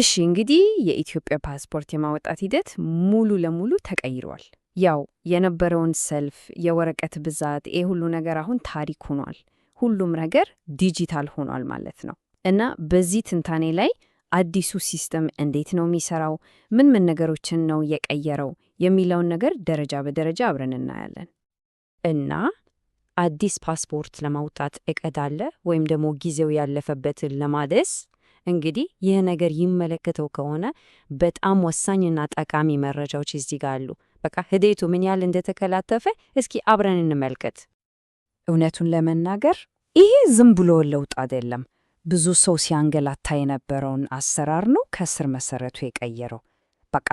እሺ እንግዲህ የኢትዮጵያ ፓስፖርት የማውጣት ሂደት ሙሉ ለሙሉ ተቀይሯል። ያው የነበረውን ሰልፍ፣ የወረቀት ብዛት፣ ይህ ሁሉ ነገር አሁን ታሪክ ሆኗል። ሁሉም ነገር ዲጂታል ሆኗል ማለት ነው እና በዚህ ትንታኔ ላይ አዲሱ ሲስተም እንዴት ነው የሚሰራው፣ ምን ምን ነገሮችን ነው የቀየረው የሚለውን ነገር ደረጃ በደረጃ አብረን እናያለን እና አዲስ ፓስፖርት ለማውጣት እቅድ አለ ወይም ደግሞ ጊዜው ያለፈበትን ለማደስ እንግዲህ ይህ ነገር ይመለከተው ከሆነ በጣም ወሳኝና ጠቃሚ መረጃዎች እዚህ ጋር አሉ። በቃ ህዴቱ ምን ያህል እንደተከላተፈ እስኪ አብረን እንመልከት። እውነቱን ለመናገር ይሄ ዝም ብሎ ለውጥ አይደለም። ብዙ ሰው ሲያንገላታ የነበረውን አሰራር ነው ከስር መሰረቱ የቀየረው። በቃ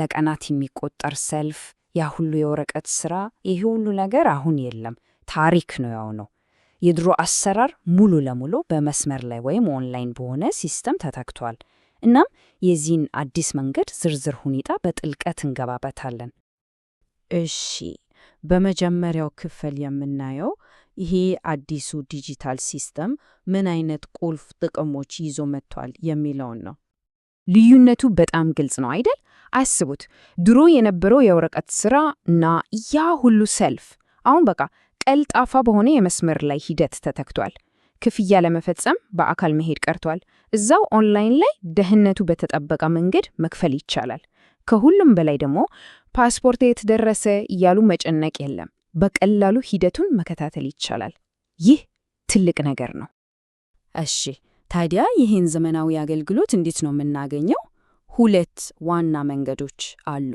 ለቀናት የሚቆጠር ሰልፍ፣ ያ ሁሉ የወረቀት ስራ፣ ይሄ ሁሉ ነገር አሁን የለም። ታሪክ ነው ያው ነው የድሮ አሰራር ሙሉ ለሙሉ በመስመር ላይ ወይም ኦንላይን በሆነ ሲስተም ተተክቷል። እናም የዚህን አዲስ መንገድ ዝርዝር ሁኔታ በጥልቀት እንገባበታለን። እሺ፣ በመጀመሪያው ክፍል የምናየው ይሄ አዲሱ ዲጂታል ሲስተም ምን አይነት ቁልፍ ጥቅሞች ይዞ መጥቷል የሚለውን ነው። ልዩነቱ በጣም ግልጽ ነው አይደል? አስቡት፣ ድሮ የነበረው የወረቀት ስራ እና ያ ሁሉ ሰልፍ አሁን በቃ ቀልጣፋ በሆነ የመስመር ላይ ሂደት ተተክቷል። ክፍያ ለመፈጸም በአካል መሄድ ቀርቷል። እዛው ኦንላይን ላይ ደህንነቱ በተጠበቀ መንገድ መክፈል ይቻላል። ከሁሉም በላይ ደግሞ ፓስፖርት የት ደረሰ እያሉ መጨነቅ የለም። በቀላሉ ሂደቱን መከታተል ይቻላል። ይህ ትልቅ ነገር ነው። እሺ፣ ታዲያ ይህን ዘመናዊ አገልግሎት እንዴት ነው የምናገኘው? ሁለት ዋና መንገዶች አሉ።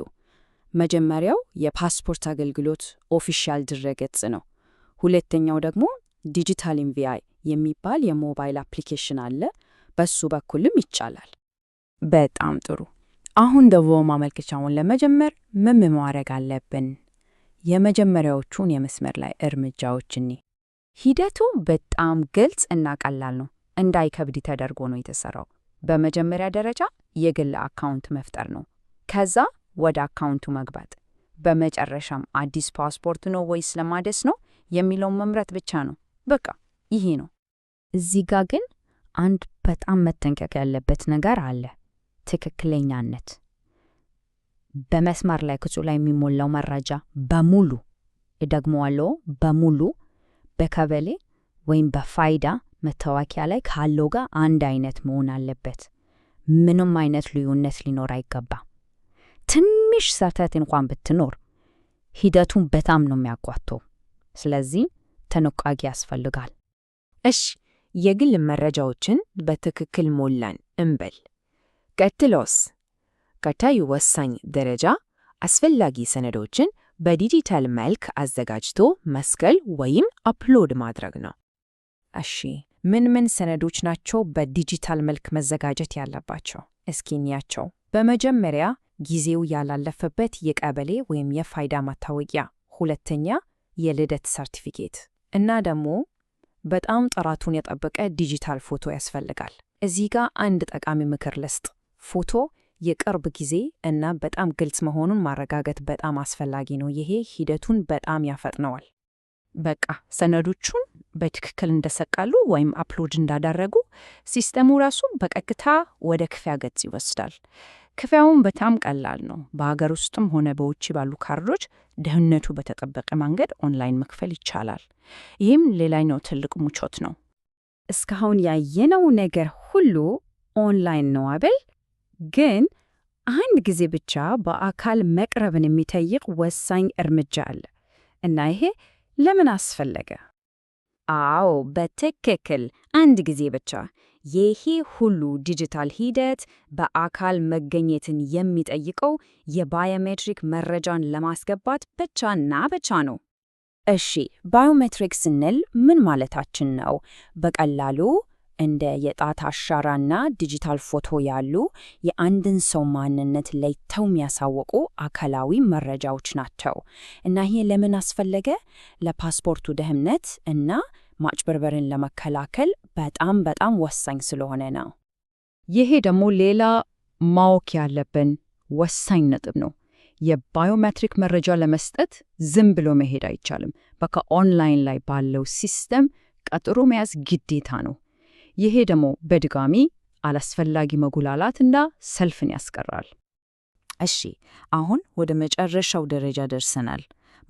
መጀመሪያው የፓስፖርት አገልግሎት ኦፊሻል ድረገጽ ነው። ሁለተኛው ደግሞ ዲጂታል ኤምቪአይ የሚባል የሞባይል አፕሊኬሽን አለ። በሱ በኩልም ይቻላል። በጣም ጥሩ። አሁን ደግሞ ማመልከቻውን ለመጀመር ምን ማድረግ አለብን? የመጀመሪያዎቹን የመስመር ላይ እርምጃዎች እኒ ሂደቱ በጣም ግልጽ እና ቀላል ነው። እንዳይከብድ ተደርጎ ነው የተሰራው። በመጀመሪያ ደረጃ የግል አካውንት መፍጠር ነው። ከዛ ወደ አካውንቱ መግባት፣ በመጨረሻም አዲስ ፓስፖርት ነው ወይስ ለማደስ ነው የሚለውን መምረጥ ብቻ ነው። በቃ ይሄ ነው። እዚህ ጋ ግን አንድ በጣም መጠንቀቅ ያለበት ነገር አለ። ትክክለኛነት በመስመር ላይ ክጹ ላይ የሚሞላው መረጃ በሙሉ እደግመዋለሁ፣ በሙሉ በከበሌ ወይም በፋይዳ መታወቂያ ላይ ካለው ጋር አንድ አይነት መሆን አለበት። ምንም አይነት ልዩነት ሊኖር አይገባ። ትንሽ ስህተት እንኳን ብትኖር ሂደቱን በጣም ነው የሚያጓተው። ስለዚህ ተነቋጊ ያስፈልጋል። እሺ የግል መረጃዎችን በትክክል ሞላን እንበል። ቀጥሎስ? ቀጣዩ ወሳኝ ደረጃ አስፈላጊ ሰነዶችን በዲጂታል መልክ አዘጋጅቶ መስቀል ወይም አፕሎድ ማድረግ ነው። እሺ ምን ምን ሰነዶች ናቸው በዲጂታል መልክ መዘጋጀት ያለባቸው? እስኪንያቸው። በመጀመሪያ ጊዜው ያላለፈበት የቀበሌ ወይም የፋይዳ ማታወቂያ ሁለተኛ የልደት ሰርቲፊኬት እና ደግሞ በጣም ጥራቱን የጠበቀ ዲጂታል ፎቶ ያስፈልጋል። እዚህ ጋር አንድ ጠቃሚ ምክር ልስጥ። ፎቶ የቅርብ ጊዜ እና በጣም ግልጽ መሆኑን ማረጋገጥ በጣም አስፈላጊ ነው። ይሄ ሂደቱን በጣም ያፈጥነዋል። በቃ ሰነዶቹን በትክክል እንደሰቀሉ ወይም አፕሎድ እንዳደረጉ ሲስተሙ ራሱ በቀጥታ ወደ ክፍያ ገጽ ይወስዳል። ክፍያውን በጣም ቀላል ነው። በሀገር ውስጥም ሆነ በውጭ ባሉ ካርዶች ደህንነቱ በተጠበቀ መንገድ ኦንላይን መክፈል ይቻላል። ይህም ሌላኛው ትልቅ ምቾት ነው። እስካሁን ያየነው ነገር ሁሉ ኦንላይን ነው አብል ግን አንድ ጊዜ ብቻ በአካል መቅረብን የሚጠይቅ ወሳኝ እርምጃ አለ እና ይሄ ለምን አስፈለገ? አዎ በትክክል አንድ ጊዜ ብቻ ይሄ ሁሉ ዲጂታል ሂደት በአካል መገኘትን የሚጠይቀው የባዮሜትሪክ መረጃን ለማስገባት ብቻና ብቻ ነው። እሺ ባዮሜትሪክ ስንል ምን ማለታችን ነው? በቀላሉ እንደ የጣት አሻራና ዲጂታል ፎቶ ያሉ የአንድን ሰው ማንነት ለይተው የሚያሳውቁ አካላዊ መረጃዎች ናቸው። እና ይሄ ለምን አስፈለገ? ለፓስፖርቱ ደህንነት እና ማጭበርበርን ለመከላከል በጣም በጣም ወሳኝ ስለሆነ ነው። ይሄ ደግሞ ሌላ ማወቅ ያለብን ወሳኝ ነጥብ ነው። የባዮሜትሪክ መረጃ ለመስጠት ዝም ብሎ መሄድ አይቻልም። በቃ ኦንላይን ላይ ባለው ሲስተም ቀጥሮ መያዝ ግዴታ ነው። ይሄ ደግሞ በድጋሚ አላስፈላጊ መጉላላትና ሰልፍን ያስቀራል። እሺ፣ አሁን ወደ መጨረሻው ደረጃ ደርሰናል።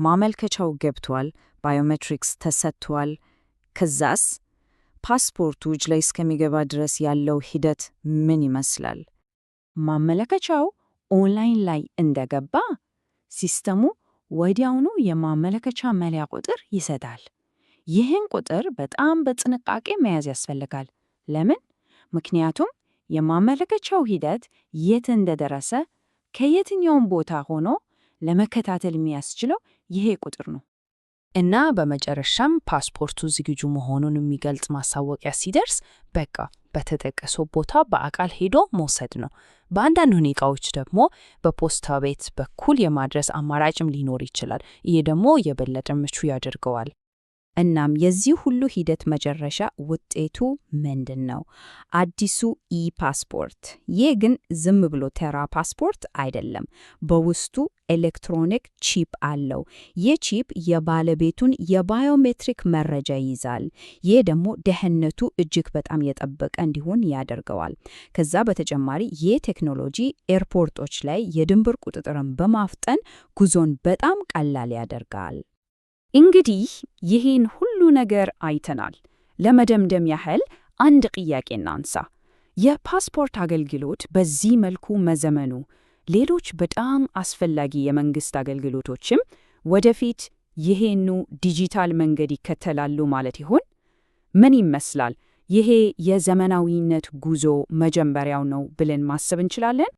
ማመልከቻው ገብቷል፣ ባዮሜትሪክስ ተሰጥቷል። ከዛስ ፓስፖርቱ እጅ ላይ እስከሚገባ ድረስ ያለው ሂደት ምን ይመስላል? ማመለከቻው ኦንላይን ላይ እንደገባ ሲስተሙ ወዲያውኑ የማመለከቻ መለያ ቁጥር ይሰጣል። ይህን ቁጥር በጣም በጥንቃቄ መያዝ ያስፈልጋል። ለምን? ምክንያቱም የማመለከቻው ሂደት የት እንደደረሰ ከየትኛውም ቦታ ሆኖ ለመከታተል የሚያስችለው ይሄ ቁጥር ነው። እና በመጨረሻም ፓስፖርቱ ዝግጁ መሆኑን የሚገልጽ ማሳወቂያ ሲደርስ በቃ በተጠቀሰው ቦታ በአካል ሄዶ መውሰድ ነው። በአንዳንድ ሁኔታዎች ደግሞ በፖስታ ቤት በኩል የማድረስ አማራጭም ሊኖር ይችላል። ይሄ ደግሞ የበለጠ ምቹ ያደርገዋል። እናም የዚህ ሁሉ ሂደት መጨረሻ ውጤቱ ምንድን ነው? አዲሱ ኢ-ፓስፖርት። ይህ ግን ዝም ብሎ ተራ ፓስፖርት አይደለም። በውስጡ ኤሌክትሮኒክ ቺፕ አለው። ይህ ቺፕ የባለቤቱን የባዮሜትሪክ መረጃ ይይዛል። ይህ ደግሞ ደህንነቱ እጅግ በጣም የጠበቀ እንዲሆን ያደርገዋል። ከዛ በተጨማሪ ይህ ቴክኖሎጂ ኤርፖርቶች ላይ የድንበር ቁጥጥርን በማፍጠን ጉዞን በጣም ቀላል ያደርጋል። እንግዲህ ይህን ሁሉ ነገር አይተናል። ለመደምደም ያህል አንድ ጥያቄ እናንሳ። የፓስፖርት አገልግሎት በዚህ መልኩ መዘመኑ ሌሎች በጣም አስፈላጊ የመንግስት አገልግሎቶችም ወደፊት ይሄኑ ዲጂታል መንገድ ይከተላሉ ማለት ይሆን? ምን ይመስላል? ይሄ የዘመናዊነት ጉዞ መጀመሪያው ነው ብለን ማሰብ እንችላለን?